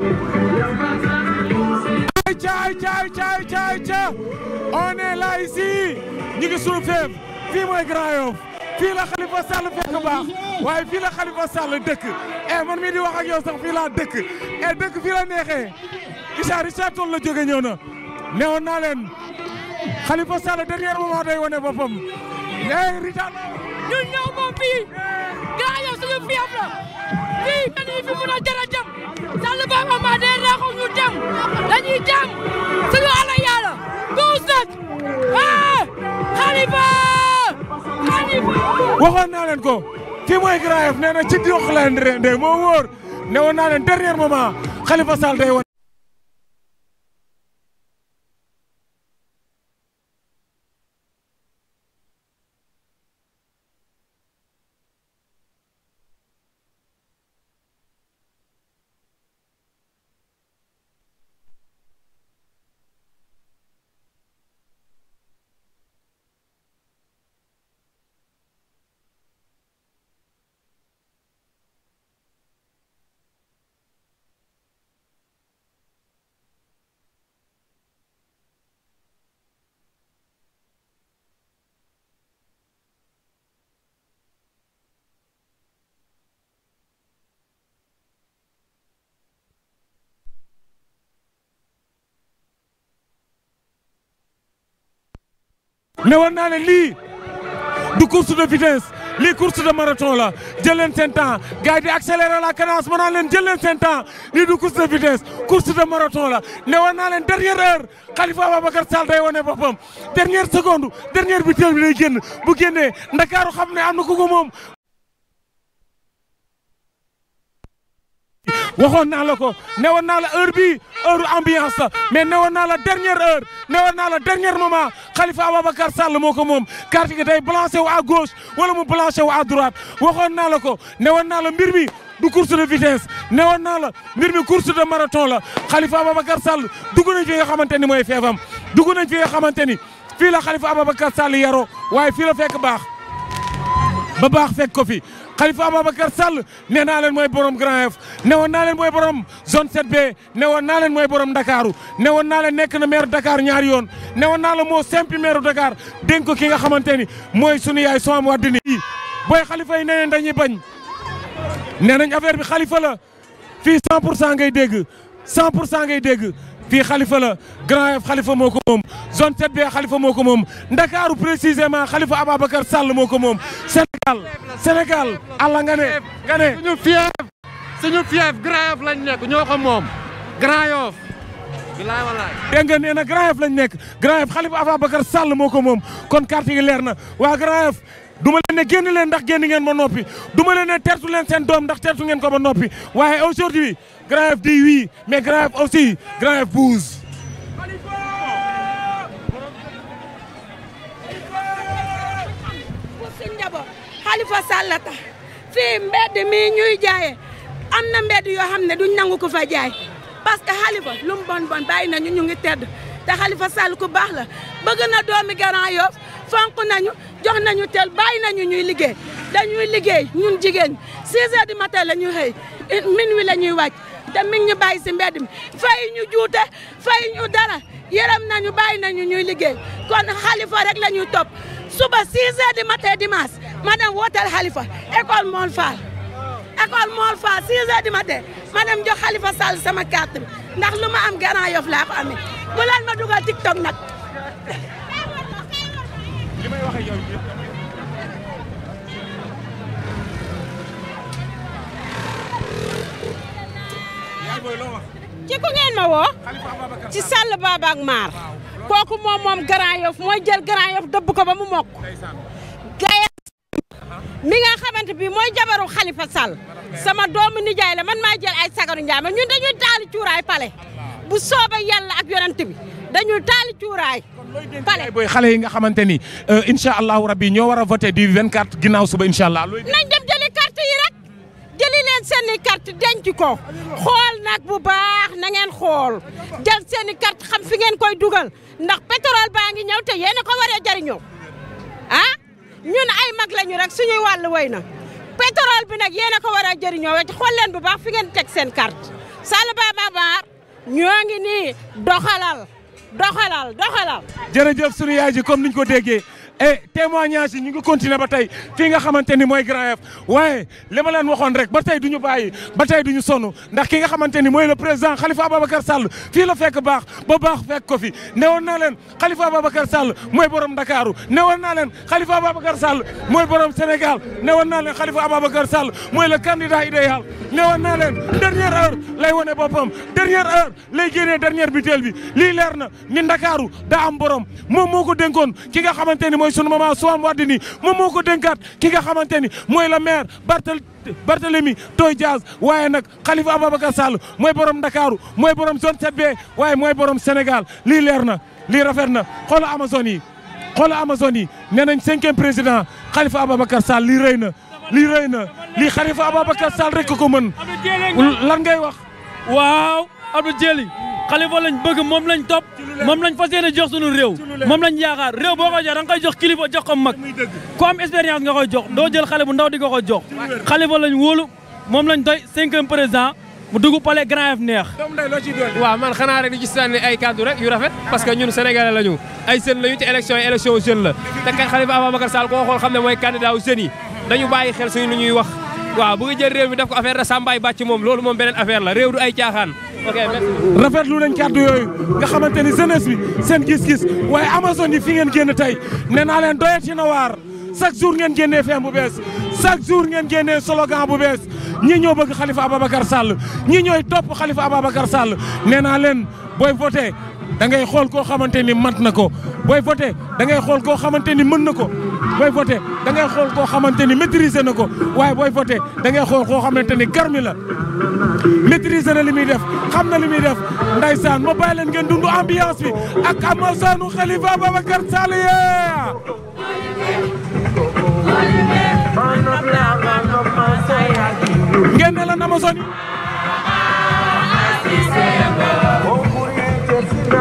caay caay caay caay caay on est là ici ñu ngi suñu feem fii mooy Grand Yoff fii la Khalifa Sall fekk baax waaye fii la Khalifa Sall dëkk e man di wax ak yow sax fii laa dëkk e dëkk fii la neexee Issa Richard Toll la jóge ñëw na neewoon naa leen Khalifa Sall dernier moment day wane boppam e Richard ñun ñëw fii Grand Yoff suñu fief la fii man yi fi mën a jar a jëm Sall Baba ma day raxu ñu dem dañuy dem suñu ala yàlla guus nag ah Khalifa Khalifa waxoon naa leen ko kii mooy Grand nee na ci dox leen de moo wóor ne woon naa leen dernier moment Khalifa Sall day ne war naa ne lii du course de vitesse lii course de marathon la jël leen seen temps gars yi di accélérer la cadence leen jël leen seen temps lii du course de vitesse course de marathon la ne war naa leen dernière heure Khalifa Ababacar Sall day wane boppam dernière seconde dernière vitesse bi day génn bu génnee Ndakaaru xam ne am na ku ko moom. naa la ko ne woon naa bi heure ambiance la mais newoon naa la dernière heure newoon naa la dernier moment Khalifa Ababacar Sall moo ko moom carte gi day blanché wu a gauche wala mu blanché wu a droite waxoon naa la ko newoon naa la mbir mi du course de vitesse newoon naa la mbir mi course de marathon la Khalifa Ababacar Sall dugg nañ fi nga xamante ni mooy feefam dugg nañ fi nga xamante ni fii la Khalifa Ababacar Sall yaroo waaye fii la fekk baax ba baax fekk ko fi Khalifa Ababacar Sall nee naa leen mooy borom Grand Yoff ne woon naa leen mooy borom zone 7B naa leen mooy borom Dakaru ne woon naa leen nekk na maire Dakar ñaari yoon ne naa la moo simple maire Dakar dénk ki nga xamante ni mooy sunu yaay Soham Wardini booy Khalifa yi nee nañ dañuy bañ nee nañ affaire bi Khalifa la fii 100 pour cent ngay dégg 100 pour cent ngay dégg fii Khalifa la Grand Yoff Khalifa moo ko moom zone 7 bi xalifa moo ko moom ndakaaru précisément xalifa Ababacar Sall moo ko moom Sénégal Sénégal allah nga ne nga ne suñu fief suñu fief Grand Yoff lañ nekk ñoo ko moom Grand Yoff bilaay walaay dégg nga nee na Grand Yoff lañ nekk Grand Yoff xalifa Ababacar Sall moo ko moom kon carte yi leer na waa Grand Yoff duma leen ne génn leen ndax génn ngeen ba noppi duma leen ne tertu leen seen doom ndax tertu ngeen ko ba noppi waaye aujourd'hui Grand Yoff di oui mais Grand Yoff aussi Grand Yoff Khalifa Sall tax fii mbedd mii ñuy jaayee am na mbedd yoo xam ne duñ nangu ko fa jaay parce que Khalifa lu mu bon bon bàyyi nañu ñu ngi tedd te Khalifa Sall ku baax la bëgg na doomi Grand Yoff fonk nañu jox nañu teel bàyyi nañu ñuy liggéey dañuy liggéey ñun jigéen 6 heures du matin la ñuy xëy minuit la ñuy wàcc te mi ngi ñu bàyyi si mbedd mi fay ñu juute fay ñu dara yërëm nañu bàyyi nañu ñuy liggéey kon Khalifa rek la ñuy suba 6 heures du matin dimanche ma dem wooteel Khalifa école Mol Fall école Mol Fall 6 heures jox Khalifa Sall sama carte ndax lu am Grand Yoff laa ko amee bu ma dugal TikTok nag. ci ku ngeen ma woo. ci Sall Baba Maar. kooku moom ko mu mokk gaye mi nga xamante bi mooy jabaru Khalifa Sall sama doomu nijaay la man maa jël ay sagaru njaay ma ñun dañuy taali cuuraay pale bu sooba yàlla ak yonent bi dañuy taali cuuraay pale booy xale yi nga xamante ni euh, incha allahu rabbi ñoo war a voté du 24 ginnaaw suba incha allah nañ dem jëli carte yi rek jëli leen seeni carte denc ko xool nag bu baax na xool jël seeni carte xam fi ngeen koy dugal ndax pétrole baa ngi ñëw te yéen ko waree jariñoo ah ñun ay mag lañu rek suñuy wàll way na pétrole bi nag yéen a ko war a jëriñoo wecc xool bu baax fi ngeen teg seen carte Sall Baba Baar ñoo ngi nii doxalal doxalal doxalal. jërëjëf sunu yaay ji comme niñ ko déggee. et eh, témoignage yi ñu nga continuer ba tey fii nga xamante ni mooy Grand Yoff waaye li ma leen waxoon rek ba tey du ñu bàyyi ba tey du ñu sonn ndax ki nga xamante ni mooy le président Khalifa Ababacar Sall fii la fekk baax ba baax fekk ko fi newoon naa leen Khalifa Ababacar Sall mooy borom Ndakaaru newoon naa leen Khalifa Ababacar Sall mooy borom Sénégal newoon naa leen Khalifa Ababacar Sall mooy le candidat idéal newoon leen dernière heure lay wone boppam dernière heure lay génnee dernière butéel bi lii leer na ni Ndakaaru daa am borom moom moo ko dénkoon ki nga xamante ni mooy mooy sunu maman Soham Wardini moom moo ko dénkaat ki nga xamante ni mooy la maire Barthel Barthélemy Toye Dias waaye nag Khalifa Ababacar Sall mooy borom Dakar mooy borom zone 7 waaye mooy borom Sénégal lii leer na lii rafet na xoolal Amazone yi xoolal Amazone yi nee nañ cinquième président Khalifa Ababacar Sall lii rey na lii rëy na lii Khalifa Ababacar Sall rek ko mën lan ngay wax waaw Abdou Diéli xalifa lañ bëgg moom lañ topp moom lañ fas yéene jox sunu réew moom lañ yaakaar réew boo koy jox da nga koy jox kilifa jox ko mag ku am expérience nga koy jox doo jël xale bu ndaw moom lañ doy cinquième président mu dugg palais grand F neex. man xanaa rek di ci ay kàddu rek yu rafet parce que ñun sénégalais lañu ay jeunes lañu te élection yi élection jeune la te kat Xalifa Ababacar Sall koo xool xam ne mooy candidat wu jeunes yi dañu bàyyi xel suñu lu wax waaw bu nga jël réew mi def ko affaire la Samba yi bàcc moom loolu moom beneen affaire la réew du ay caaxaan. ok rafetlu nañ kàddu yooyu nga xamante ni jeunesse bi seen gis-gis waaye Amazone yi fi ngeen génn tey nee naa leen doyati na waar chaque jour ngeen génnee feem bu bees chaque jour ngeen génnee slogan bu bees ñii ñoo bëgg Khalifa Ababacar Sall ñii ñooy topp Khalifa Ababacar Sall nee naa leen booy voté da ngay xool koo xamante ni mat na ko booy voté da ngay xool koo xamante ni mën na ko booy voté da ngay xool koo xamante ni maîtriser na ko waaye booy voté da ngay koo xamante ni garmi la maîtriser na li muy def xam na li muy def ndaysaan ma bàyyi leen ngeen dund ambiance bi ak amasaanu Khalifa Babacar Sall ngeen ne la namasoni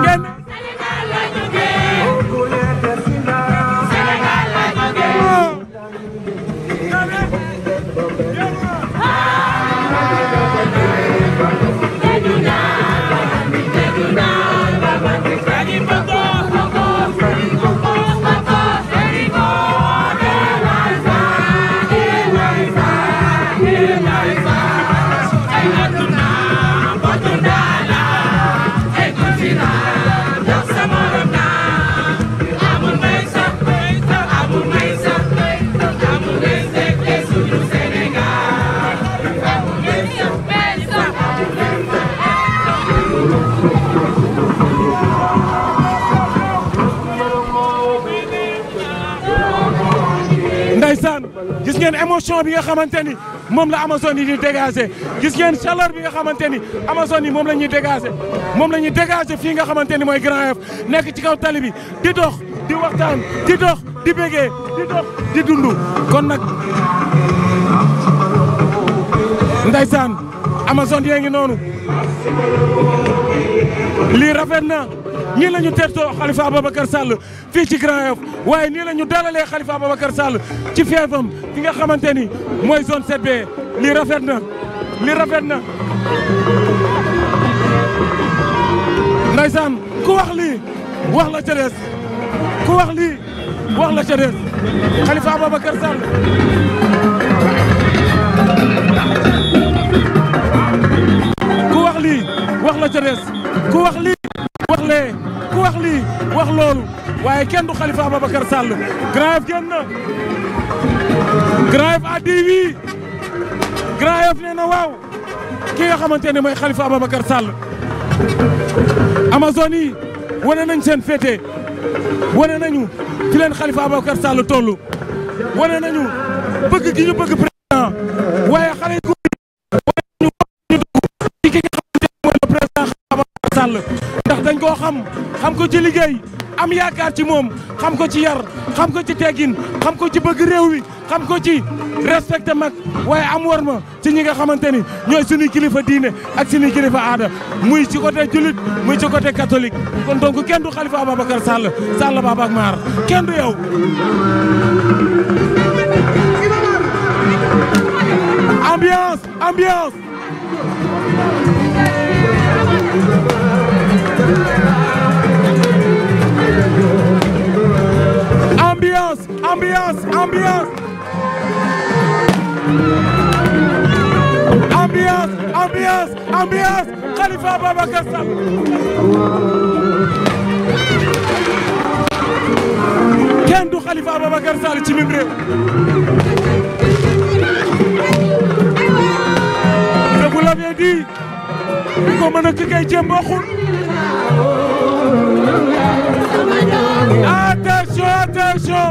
ngeen émotion bi nga xamante ni moom la Amazone yi di dégager gis ngeen chaleur bi nga xamante ni Amazone yi moom la ñuy dégager moom la ñuy dégager fii nga xamante ni mooy Grand Yoff nekk ci kaw tali bi di dox di waxtaan di dox di bégee di dox di dund kon nag ndeysaan Amazone yee ngi noonu rafet na nii la ñu tertoo Khalifa Ababacar Sall fii ci Grand Yoff waaye nii la ñu dalalee Khalifa Ababacar Sall ci feefam fi nga xamante ni mooy zone 7B lii rafet na lii rafet na ndaysaan ku wax lii wax la ca ku wax lii wax la ca ku wax lii wax lee ku wax lii wax loolu waaye kenn du Khalifa Ababacar Sall Grand Yoff génn na Grand a di wii Grand na waaw ki nga xamante ne mooy Khalifa Ababacar Sall Amazone yi wane nañ seen féete wane nañu fi leen Khalifa Ababacar Sall toll wane nañu bëgg gi ñu bëgg président waaye xale xam ko ci liggéey am yaakaar ci moom xam ko ci yar xam ko ci teggin xam ko ci bëgg réew wi xam ko ci respecté mag waaye am war ma ci ñi nga xamante ni ñooy suñuy kilifa diine ak suñuy kilifa aada muy ci côté julit muy ci côté catholique kon donc kenn du Khalifa Ababacar Sall Sall Baba ak Maar kenn du yow. ambiance ambiance ambiance ambiance ambiance ambiance Khalifa Ababacar Sall kenn du Khalifa Ababacar Sall ci mim réew je vous l'avais dit di mën a ki kay jéem bokkul attention attention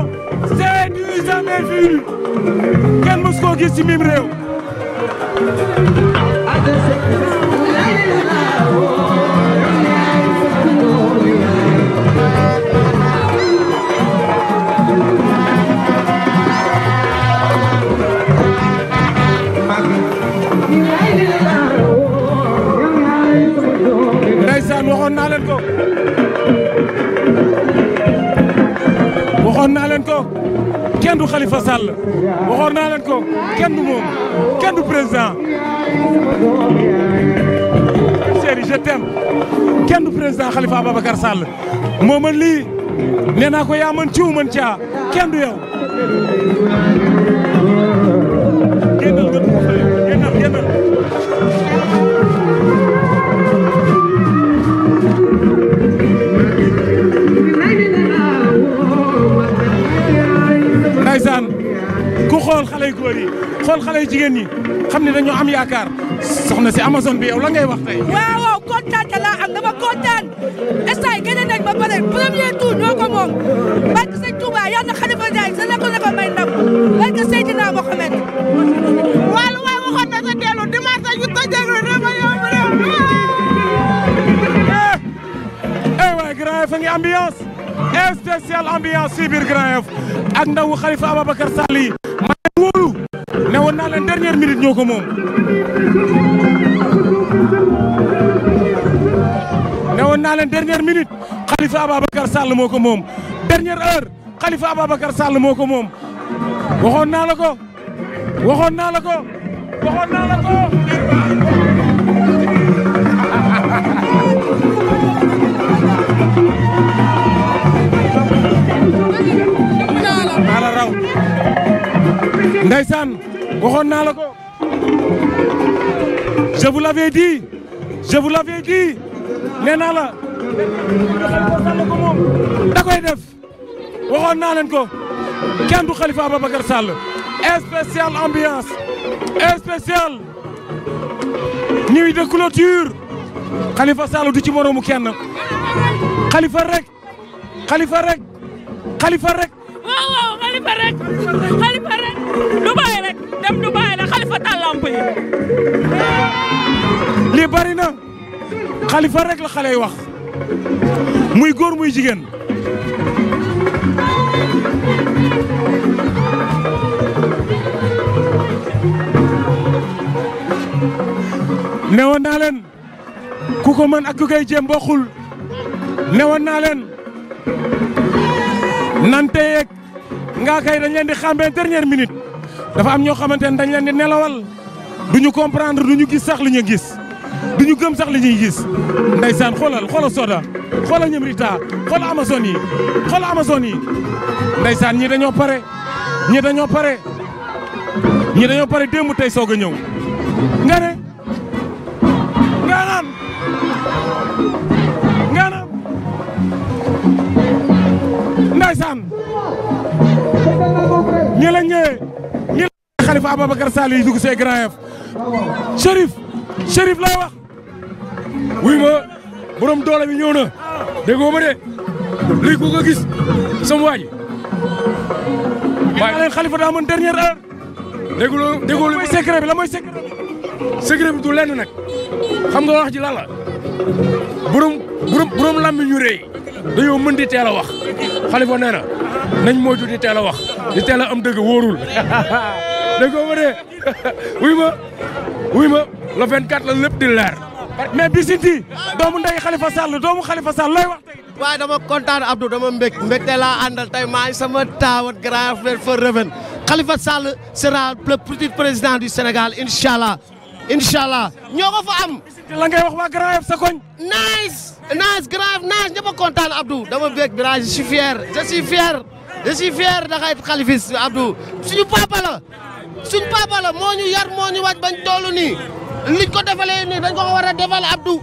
c'est du jamais vu kenn mës koo gis ci mim réew leen ko waxoon naa leen ko kenn du Khalifa Sall waxoon naa leen ko kenn du moom kenn du président chéri je t'aime kenn du président Khalifa Ababacar Sall moo lii nee naa ko yaa mën ciw mën caa ah. kenn du yow génnal nga dugg fële génnal génnal ndeysaan ku xool xale yu góor yi xool jigéen ñi xam ne dañoo am yaakaar soxna si Amazone bi yow la ngay wax tey. waaw waaw kontaan te laa am dama kontaan instant yii génne nañ ba pare premier tour ñoo ko moom barke sëñ Touba yal na Khalifa Ndiaye sa nekk na ko may ndam barke Seydina Mohamed. waaw lu waay waxoon na sa dellu dimanche dañu ko déglu dama yomb réew. eh eh waaye spécial ambiance si biir Grand Yoff ak ndawu Khalifa Ababacar Sall yi ma leen ne woon naa leen dernière minute ñoo ko moom ne woon naa leen dernière minute Khalifa Ababacar Sall moo ko moom dernière heure Khalifa Ababacar Sall moo ko moom waxoon naa la ko waxoon ko waxoon ko Ndeysaan waxoon naa la ko je vous l'avais dit je vous l'avais dit nee naa la da def waxoon naa leen ko kenn du Khalifa Ababacar Sall spécial ambiance spécial nuit de clôture Khalifa Sall du ci moroomu kenn Khalifa rek Khalifa rek waaw waaw xalifa rek Dubaay rek dem Dubaay la xalifa tàllamp yi lii bari na xalifa rekk la xale yi wax muy góor muy jigéen newoon naa leen ku ko mën ak ku koy jéem bokkul newoon naa leen nante yeeg ngaa kay dañ leen di xàmbee dernière minute dafa am ñoo xamante ne dañ leen di nelawal du ñu comprendre du ñu gis sax li ñu gis du ñu gëm sax li ñuy gis ndeysaan xoolal xoolal soda xoolal ñëm rita xoolal amazone yi xoolal amazone yi ndeysaan ñi dañoo pare ñi dañoo pare ñi dañoo pare démb tey soog a ñëw nga ne nga naan am ñi la ñëwee ñi la Khalifa Ababacar Sall yi dugg see Grand Yoff ma borom doole bi ñëw na déggoo ma de lii ku ko gis sama waa ji waaye leen Khalifa daa mën dernière heure dégguloo la mooy secret bi secret bi du xam nga wax ji lan la lambi ñu rëy dañoo mën di teel a wax xalifa nee na nañ moytu di teel a wax di am dëgg wóorul dañ koo wëree wuy ma wuy ma le 24 la lépp di leer. mais Bisinti doomu ndey xalifa Sall doomu xalifa Sall looy wax tey. waaye dama kontaan Abdou dama mbég mbégte laa àndal tey maa sama taawat grand frère fa reven xalifa Sall sera le petit président du Sénégal incha allah incha fa am. la wax waa grand F sa koñ. naaj grave naaj ñëpp a kontaan Abdou dama bëgg Bira je suis fier je suis fier je suis fier da ngay xalifis Abdou suñu papa la suñu moo ñu yar moo ñu wàcc bañ toll nii liñ ko defalee nii dañ ko war a defal Abdou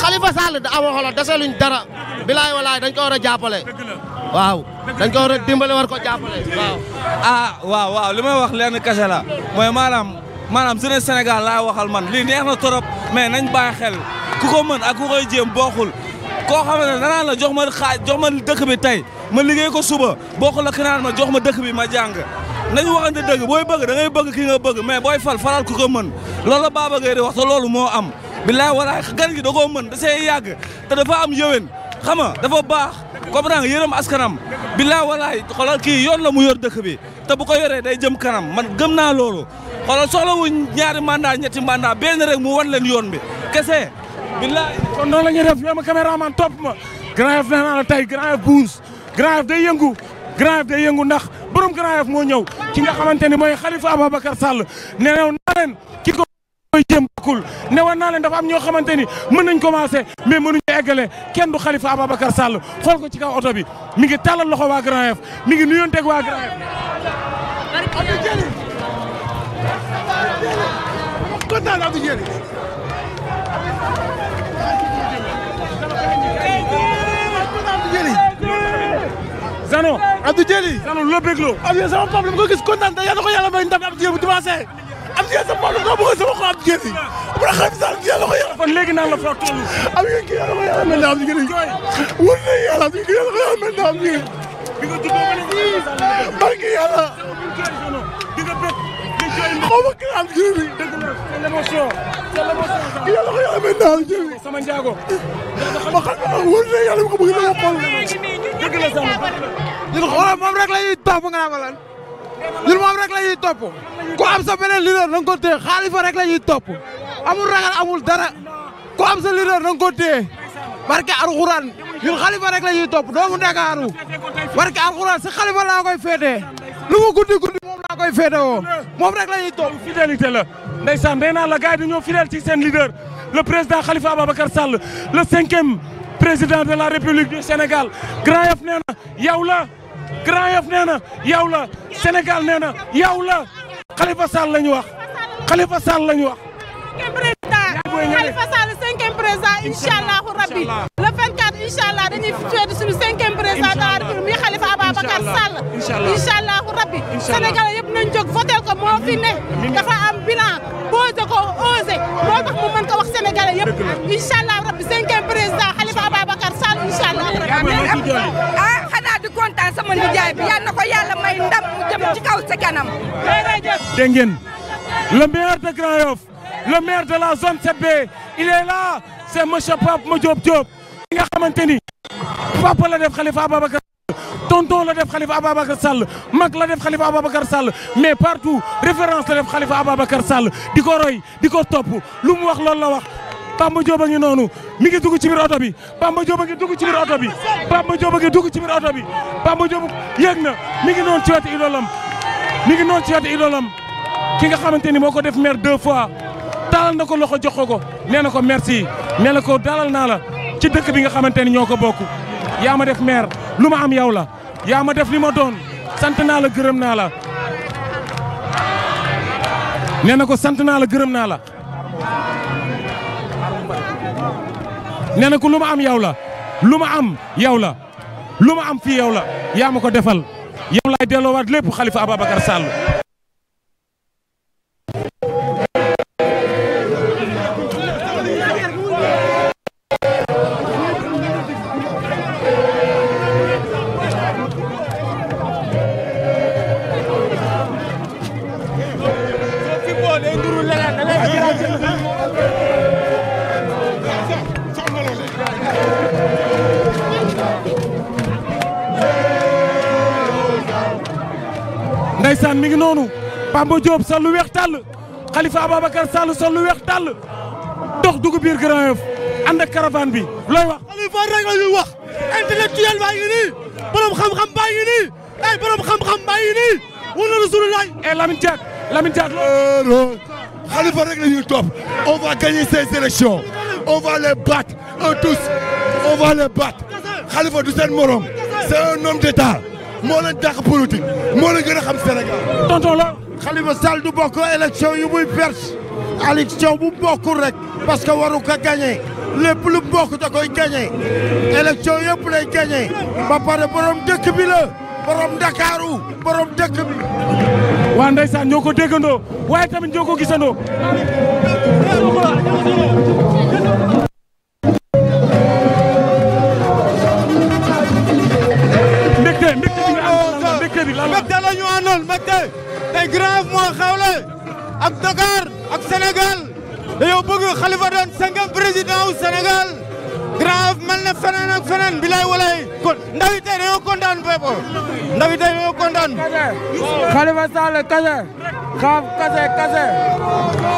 Khalifa Sall da amoo xoolal desaluñ dara bilaay walaay dañ ko war a jàppale waaw dañ ko war a dimbale war ko jàppale waaw. ah waaw li may wax lenn kese mooy maanaam. maanaam jeunesse Sénégal laa waxal man lii neex na trop mais nañ bàyyi xel ku ko mën ak ku koy jéem bokkul koo xam ne danaan la jox ma xaaj jox ma dëkk bi tey ma liggéey ko suba bokkul ak naan ma jox ma dëkk bi ma jàng nañu waxante dëgg booy bëgg da ngay bëgg ki nga bëgg mais booy fal faral ku ko mën loolu baa Baba Gueye di wax te loolu moo am bilaay walaay gan gi da koo mën dasee see yàgg te dafa am yëwen xam nga dafa baax comprend nga yërëm askanam bilaay walaay xoolal kii yoon la mu yor dëkk bi te bu ko yoree day jëm kanam man gëm naa loolu xoolal wu ñaari mandat ñetti mandat benn rek mu wan leen yoon bi kese. billaay kon noonu la ñuy def yow ma caméraman topp ma Grand Yoff nee la tey Grand Yoff buus Grand Yoff day yëngu Grand Yoff day yëngu ndax borom Grand Yoff moo ñëw ki nga xamante ni mooy Khalifa Ababacar Sall neew naa leen ki ko mooy jëm bokkul ne woon naa leen dafa am ñoo xamante ni mën nañ commencé mais mënuñu eggale kenn du Khalifa Ababacar Sall xool ko ci kaw oto bi mi ngi tàllal loxo waa Grand mi ngi nuyonteeg waa Grand kontaan naa di yéen. Zano. Abdou Diéli. Zano lu la bégloo. Abdou Diéli sama papa la ko gis kontaan yàlla ko yàlla may ndam Abdou Diéli bu dimanche. Abdou Diéli sama papa la ko bëgg sama xol Abdou Diéli. bu la xam sax yàlla ko yàlla. kon léegi naan la foo toll. Abdou Diéli yàlla ko yàlla may ndam Abdou Diéli. wóor na yàlla Abdou Diéli yàlla ko yàlla may ndam Abdou Diéli. barke yàlla. xaw ma gàncax gi. dëgg la c'est l'émotion. c'est l'émotion. yàlla ko yàlla may naan jëli. sama njaago. ma xam ne wóor na yàlla ko bëgg na xool. dëgg la sax ñun xoolal moom rek la ñuy topp nga naan lan. ñun moom rek la ñuy topp. ku am sa beneen leader na nga ko téye Khalifa rek la ñuy topp. amul ragal amul dara. ku am sa leader na nga ko téye. barke alxuraan ñun Khalifa rek la ñuy topp doomu Ndakaaru. barke alxuraan si Khalifa laa koy féetee. lu mu guddi guddi. maa koy féetewoo moom rek la ñuy toog fidélité la ndeysaan nee naa la gars yi dañoo fidèle ci seen leader le président Khalifa Ababacar Sall le cinquième président de la République du Sénégal Grand Yoff nee na yow Grand Yoff nee na yow la na yow la Khalifa Sall la ñu wax Khalifa Sall la ñu wax. incha allah dañuy féete suñu cinquième président de la République muy Khalifa Ababacar Sall. incha allah incha allah rabbi. Sénégal yëpp nañ jóg voté ko moo fi ne. dafa am bilan posé ko osé moo tax mu mën ko wax sénégalais yëpp. incha allah rabbi cinquième président Khalifa Ababacar Sall incha allah. ah xanaa di kontaan sama nijaay bi yal na ko yàlla may ndam mu jëm ci kaw sa kanam. dégg ngeen le maire de Grand Yoff le maire de la zone 7B il est là c'est monsieur Pape Madiop Diop. bi nga xamante ni papa la def Khalifa Ababacar tonton la def Khalifa Ababacar Sall mag la def Khalifa Ababacar Sall mais partout référence la def Khalifa Ababacar Sall di ko roy di ko topp lu mu wax loolu la wax Bamba Diop a ngi noonu mi ngi dugg ci biir oto bi Bamba Diop a ngi dugg ci biir oto bi Bamba Diop a ngi dugg ci biir oto bi Bamba Diop yéeg na mi ngi noonu ci wetu idolam mi ngi noonu ci wetu idolam ki nga xamante ni moo ko def maire deux fois taalal na ko loxo jox ko ko nee na ko merci nee na ko dalal naa la ci dëkk bi nga xamante ni ñoo ko bokk yaa ma def maire lu ma am yow la yaa ma def li ma doon sant naa la gërëm naa la nee na ko sant naa la gërëm naa la nee na ko lu ma am yow la lu ma am yow la lu ma am fii yow la yaa ma ko defal yow laay delloowaat lépp Khalifa Ababacar Sall ndeysaan mi ngi noonu Bamba Diop sol lu weex tàll Khalifa baa Sall sol lu weex tàll dox dugg biir Grand Yoff bi looy wax. Khalifa rek la ñuy wax intellectuel baa ngi nii borom xam-xam baa ngi nii ay borom xam-xam baa ngi nii wala eh, euh, rek la ñuy on va gagner ces élections on va les battre en tous on va les battre Khalifa du seen morom c'est un homme d'État moo leen dàq politique moo leen gën a xam Sénégal. tonton la. Khalifa Sall du bokk élection yu muy perte élection bu bokkul rek parce que waru ko gagné lépp lu bokk da koy gagné élection yëpp lay gagné ba pare borom dëkk bi borom Ndakaaru borom dëkk bi. waa ndeysaan ñoo ko déggandoo waaye tamit ñoo ko gisandoo. mbégte la ñu àndal mbégte tey grave moo xewle ak Dakar ak Sénégal dañoo bëgg Khalifa doon cinquième président wu Sénégal grave mel na feneen ak feneen bilay walay kon ndaw yi tey dañoo kontaan bépp ndaw yi tey dañoo kontaan. kase. Grave kase kase.